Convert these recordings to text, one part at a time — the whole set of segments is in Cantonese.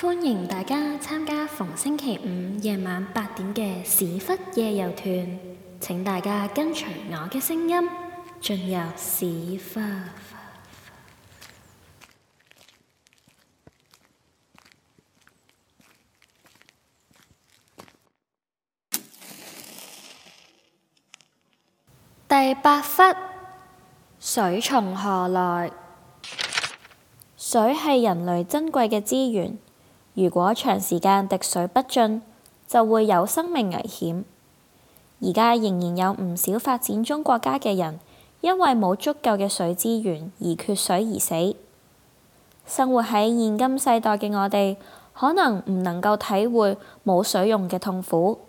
歡迎大家參加逢星期五夜晚八點嘅史窟夜遊團，請大家跟隨我嘅聲音進入史窟。第八窟，水從何來？水係人類珍貴嘅資源。如果長時間滴水不進，就會有生命危險。而家仍然有唔少發展中國家嘅人，因為冇足夠嘅水資源而缺水而死。生活喺現今世代嘅我哋，可能唔能夠體會冇水用嘅痛苦，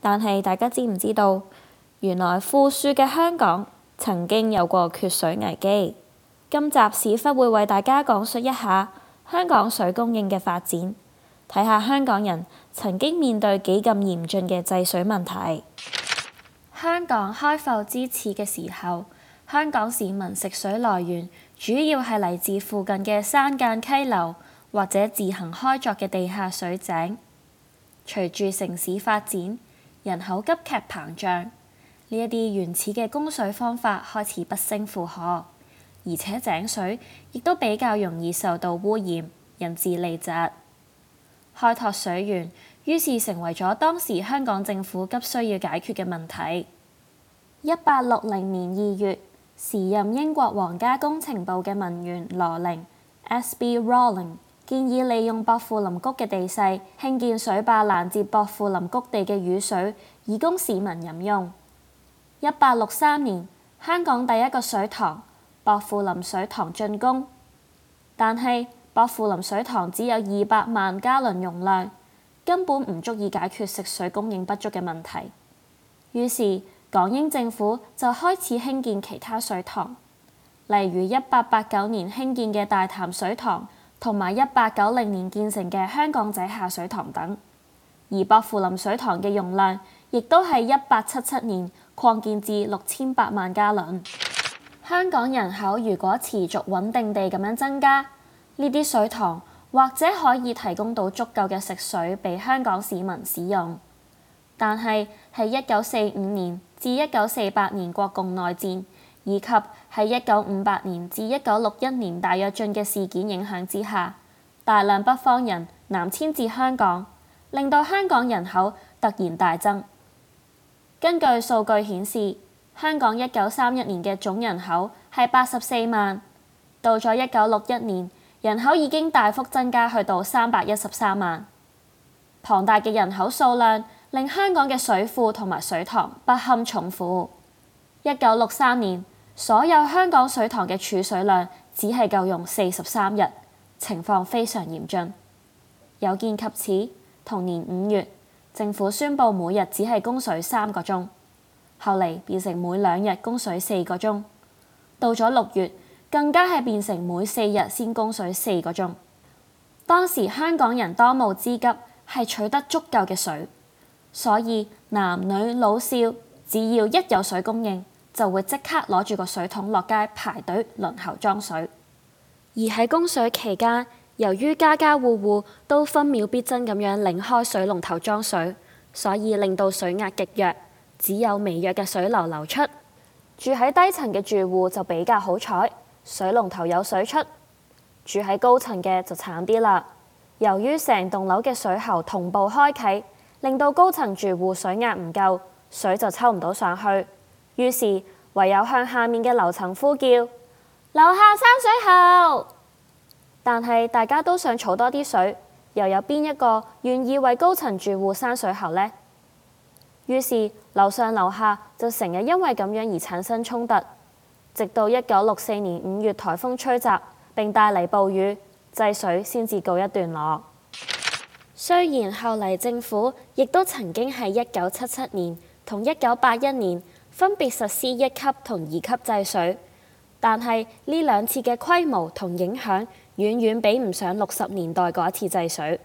但係大家知唔知道，原來富庶嘅香港曾經有過缺水危機。今集史窟會為大家講述一下。香港水供應嘅發展，睇下香港人曾經面對幾咁嚴峻嘅制水問題。香港開埠之始嘅時候，香港市民食水來源主要係嚟自附近嘅山間溪流或者自行開鑿嘅地下水井。隨住城市發展，人口急劇膨脹，呢一啲原始嘅供水方法開始不勝負荷。而且井水亦都比較容易受到污染，引致痢疾。開拓水源，於是成為咗當時香港政府急需要解決嘅問題。一八六零年二月，時任英國皇家工程部嘅文員羅寧 S.B. Rowling 建議利用薄扶林谷嘅地勢興建水壩，攔截薄扶林谷地嘅雨水，以供市民飲用。一八六三年，香港第一個水塘。薄扶林水塘竣工，但係薄扶林水塘只有二百萬加侖容量，根本唔足以解決食水供應不足嘅問題。於是港英政府就開始興建其他水塘，例如一八八九年興建嘅大潭水塘，同埋一八九零年建成嘅香港仔下水塘等。而薄扶林水塘嘅容量，亦都係一八七七年擴建至六千八百萬加侖。香港人口如果持續穩定地咁樣增加，呢啲水塘或者可以提供到足夠嘅食水畀香港市民使用。但係喺一九四五年至一九四八年國共內戰，以及喺一九五八年至一九六一年大躍進嘅事件影響之下，大量北方人南遷至香港，令到香港人口突然大增。根據數據顯示，香港一九三一年嘅總人口係八十四萬，到咗一九六一年，人口已經大幅增加，去到三百一十三萬。龐大嘅人口數量令香港嘅水庫同埋水塘不堪重負。一九六三年，所有香港水塘嘅儲水量只係夠用四十三日，情況非常嚴峻。有見及此，同年五月，政府宣布每日只係供水三個鐘。後嚟變成每兩日供水四個鐘，到咗六月更加係變成每四日先供水四個鐘。當時香港人當務之急係取得足夠嘅水，所以男女老少只要一有水供應，就會即刻攞住個水桶落街排隊輪候裝水。而喺供水期間，由於家家戶戶都分秒必爭咁樣擰開水龍頭裝水，所以令到水壓極弱。只有微弱嘅水流流出，住喺低層嘅住戶就比較好彩，水龍頭有水出；住喺高層嘅就慘啲啦。由於成棟樓嘅水喉同步開啟，令到高層住戶水壓唔夠，水就抽唔到上去，於是唯有向下面嘅樓層呼叫，樓下閂水喉。但係大家都想儲多啲水，又有邊一個願意為高層住戶閂水喉呢？於是樓上樓下就成日因為咁樣而產生衝突，直到一九六四年五月颱風吹襲，並帶嚟暴雨，制水先至告一段落。雖然後嚟政府亦都曾經喺一九七七年同一九八一年分別實施一級同二級制水，但係呢兩次嘅規模同影響遠遠比唔上六十年代嗰一次制水。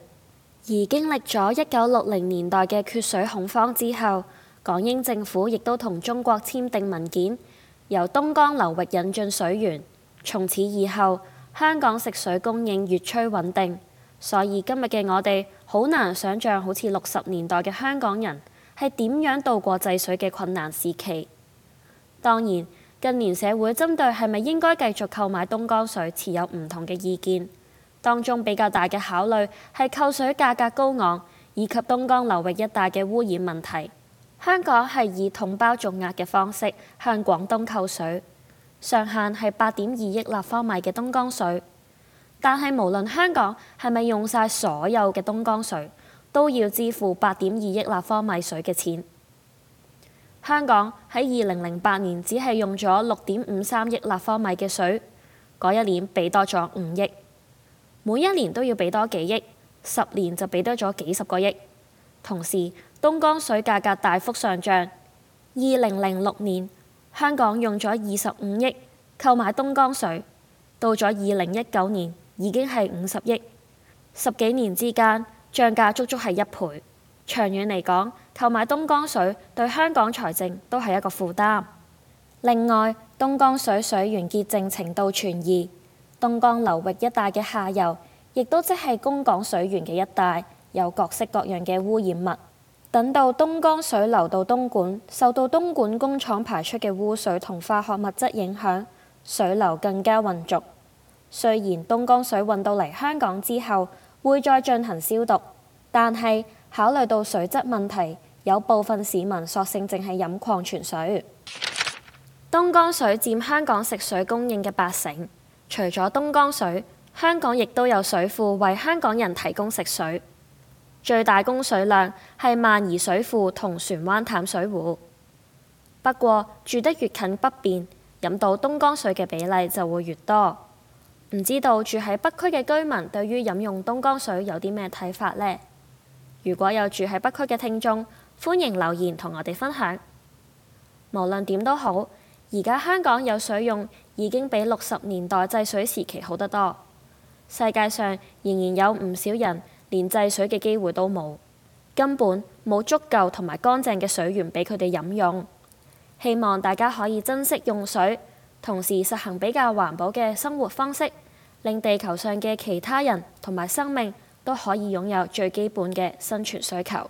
而經歷咗一九六零年代嘅缺水恐慌之後，港英政府亦都同中國簽訂文件，由東江流域引進水源。從此以後，香港食水供應越趨穩定。所以今日嘅我哋，好難想像好像好似六十年代嘅香港人係點樣度過制水嘅困難時期。當然，近年社會針對係咪應該繼續購買東江水，持有唔同嘅意見。當中比較大嘅考慮係購水價格高昂，以及東江流域一帶嘅污染問題。香港係以統包總額嘅方式向廣東購水，上限係八點二億立方米嘅東江水。但係無論香港係咪用晒所有嘅東江水，都要支付八點二億立方米水嘅錢。香港喺二零零八年只係用咗六點五三億立方米嘅水，嗰一年畀多咗五億。每一年都要俾多幾億，十年就俾多咗幾十個億。同時，東江水價格大幅上漲。二零零六年，香港用咗二十五億購買東江水，到咗二零一九年已經係五十億。十幾年之間，漲價足足係一倍。長遠嚟講，購買東江水對香港財政都係一個負擔。另外，東江水水源潔淨程度存疑。東江流域一帶嘅下游，亦都即係供港水源嘅一帶，有各式各樣嘅污染物。等到東江水流到東莞，受到東莞工廠排出嘅污水同化學物質影響，水流更加混濁。雖然東江水運到嚟香港之後會再進行消毒，但係考慮到水質問題，有部分市民索性淨係飲礦泉水。東江水佔香港食水供應嘅八成。除咗東江水，香港亦都有水庫為香港人提供食水。最大供水量係萬宜水庫同船灣淡水湖。不過住得越近北邊，飲到東江水嘅比例就會越多。唔知道住喺北區嘅居民對於飲用東江水有啲咩睇法呢？如果有住喺北區嘅聽眾，歡迎留言同我哋分享。無論點都好。而家香港有水用已經比六十年代制水時期好得多。世界上仍然有唔少人連制水嘅機會都冇，根本冇足夠同埋乾淨嘅水源俾佢哋飲用。希望大家可以珍惜用水，同時實行比較環保嘅生活方式，令地球上嘅其他人同埋生命都可以擁有最基本嘅生存需求。